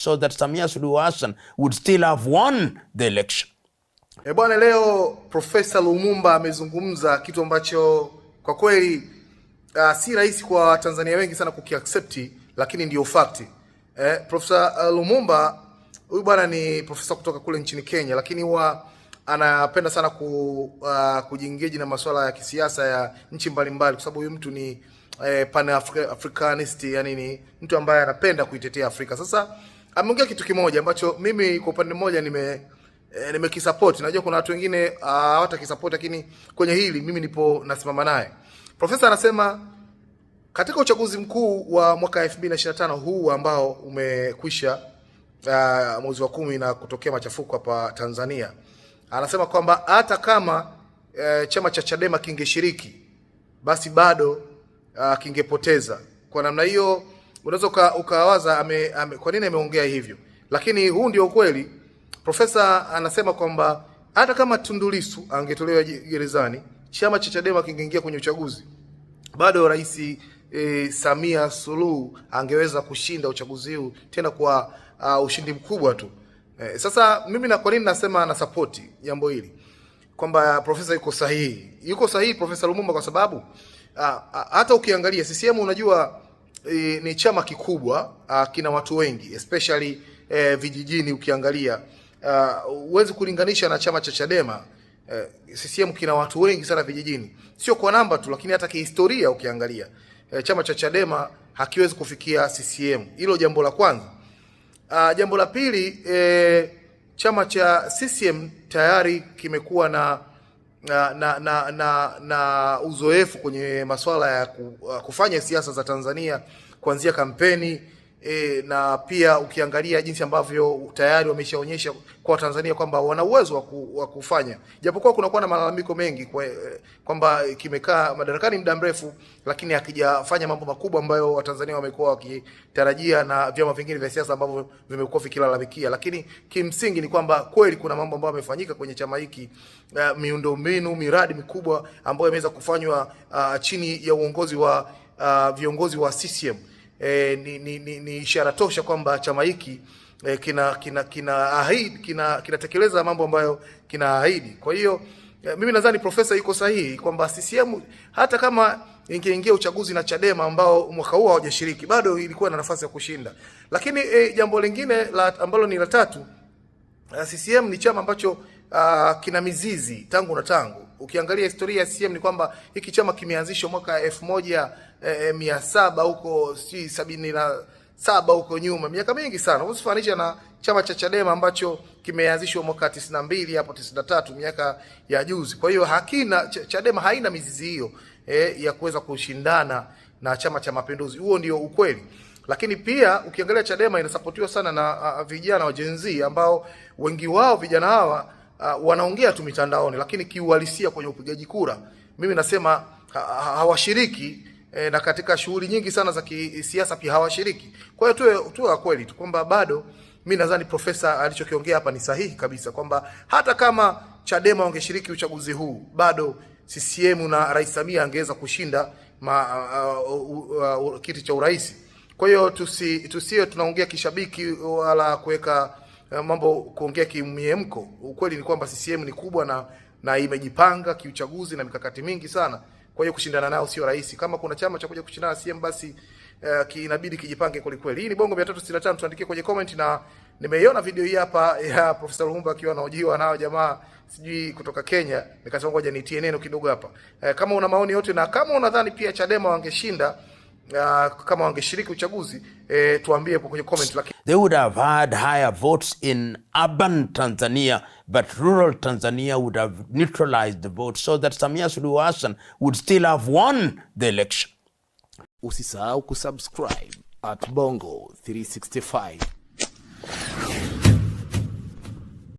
so that Samia Suluhu Hassan would still have won the election. E bwana, leo Profesa Lumumba amezungumza kitu ambacho kwa kweli uh, si rahisi kwa Tanzania wengi sana kukiaccepti, lakini ndio fact. Eh, Profesa ah, Lumumba huyu bwana ni profesa kutoka kule nchini Kenya, lakini huwa anapenda sana ku, uh, kujiengage na masuala ya kisiasa ya nchi mbalimbali kwa sababu huyu mtu ni eh, pan-Africanist, yani ni mtu ambaye anapenda kuitetea Afrika. Sasa ameongea kitu kimoja ambacho mimi kwa upande mmoja nime e, nimekisupport. Najua kuna watu wengine ah, kisupport, lakini kwenye hili mimi nipo nasimama naye. Profesa anasema katika uchaguzi mkuu wa mwaka 2025 huu ambao umekwisha uh, mwezi wa kumi na kutokea machafuko hapa Tanzania, anasema kwamba hata kama uh, chama cha Chadema kingeshiriki basi bado uh, kingepoteza. Kwa namna hiyo unaweza ukawaza ame, ame, kwa nini ameongea hivyo, lakini huu ndio ukweli. Profesa anasema kwamba hata kama Tundu Lissu angetolewa gerezani, chama cha Chadema kingeingia kwenye uchaguzi, bado rais e, Samia Suluhu angeweza kushinda uchaguzi huu tena kwa uh, ushindi mkubwa tu. E, sasa mimi na kwa nini nasema na support jambo hili kwamba profesa yuko sahihi, yuko sahihi Profesa Lumumba kwa sababu a, a, hata ukiangalia CCM unajua e, ni chama kikubwa a, kina watu wengi especially e, vijijini ukiangalia huwezi kulinganisha na chama cha Chadema. E, CCM kina watu wengi sana vijijini, sio kwa namba tu, lakini hata kihistoria ukiangalia e, chama cha Chadema hakiwezi kufikia CCM. Hilo jambo la kwanza. Uh, jambo la pili e, chama cha CCM tayari kimekuwa na na, na, na, na, na uzoefu kwenye masuala ya kufanya siasa za Tanzania kuanzia kampeni E, na pia ukiangalia jinsi ambavyo tayari wameshaonyesha kwa Tanzania kwamba wana uwezo wa waku, kufanya japokuwa kunakuwa na malalamiko mengi kwamba kwa kimekaa madarakani muda mrefu, lakini hakijafanya mambo makubwa ambayo Watanzania wamekuwa wakitarajia na vyama vingine vya siasa ambavyo vimekuwa vikilalamikia, lakini kimsingi ni kwamba kweli kuna mambo ambayo yamefanyika kwenye chama hiki, uh, miundombinu, miradi mikubwa ambayo imeweza kufanywa uh, chini ya uongozi wa uh, viongozi wa CCM eh, ni, ni, ni, ni ishara tosha kwamba chama hiki eh, kina kina ahidi kina kinatekeleza mambo ambayo kinaahidi. Kwa hiyo eh, mimi nadhani profesa yuko sahihi kwamba CCM hata kama ingeingia uchaguzi na Chadema ambao mwaka huu hawajashiriki bado ilikuwa na nafasi ya kushinda. Lakini eh, jambo lingine la, ambalo ni la tatu CCM eh, ni chama ambacho uh, kina mizizi tangu na tangu ukiangalia historia ya CCM ni kwamba hiki chama kimeanzishwa mwaka elfu moja e, mia saba huko sijui sabini na saba huko nyuma, miaka mingi sana, usifananisha na chama cha Chadema ambacho kimeanzishwa mwaka 92 hapo 93, miaka ya juzi. Kwa hiyo hakina ch Chadema haina mizizi hiyo e, ya kuweza kushindana na chama cha Mapinduzi. Huo ndio ukweli, lakini pia ukiangalia Chadema inasapotiwa sana na a, vijana wa Gen Z ambao wengi wao vijana hawa uh, wanaongea tu mitandaoni, lakini kiuhalisia kwenye upigaji kura mimi nasema ha hawashiriki eh, na katika shughuli nyingi sana za kisiasa pia hawashiriki. Kwa hiyo tuwe tuwe kweli tu kwamba bado mimi nadhani profesa alichokiongea hapa ni sahihi kabisa kwamba hata kama Chadema wangeshiriki uchaguzi huu bado CCM na Rais Samia angeweza kushinda ma, uh, uh, uh, uh, kiti cha urais. Kwa hiyo tusiwe tunaongea kishabiki wala kuweka Eh, mambo kuongea kimiemko. Ukweli ni kwamba CCM ni kubwa na na imejipanga kiuchaguzi na mikakati mingi sana. Kwa hiyo kushindana nao sio rahisi. Kama kuna chama cha kuja kushindana CCM, basi uh, kinabidi kijipange kweli kweli. Hii ni Bongo 365, tuandikie kwenye comment, na nimeiona video hii hapa ya Profesa Lumumba akiwa anaojiwa nao jamaa sijui kutoka Kenya, nikasema ngoja nitie neno kidogo hapa. Uh, kama una maoni yote na kama unadhani pia Chadema wangeshinda uh, kama wangeshiriki uchaguzi eh, tuambie kwenye comment, lakini they would have had higher votes in urban Tanzania but rural Tanzania would have neutralized the vote so that Samia Suluhu Hassan would still have won the election. Usisahau kusubscribe at Bongo 365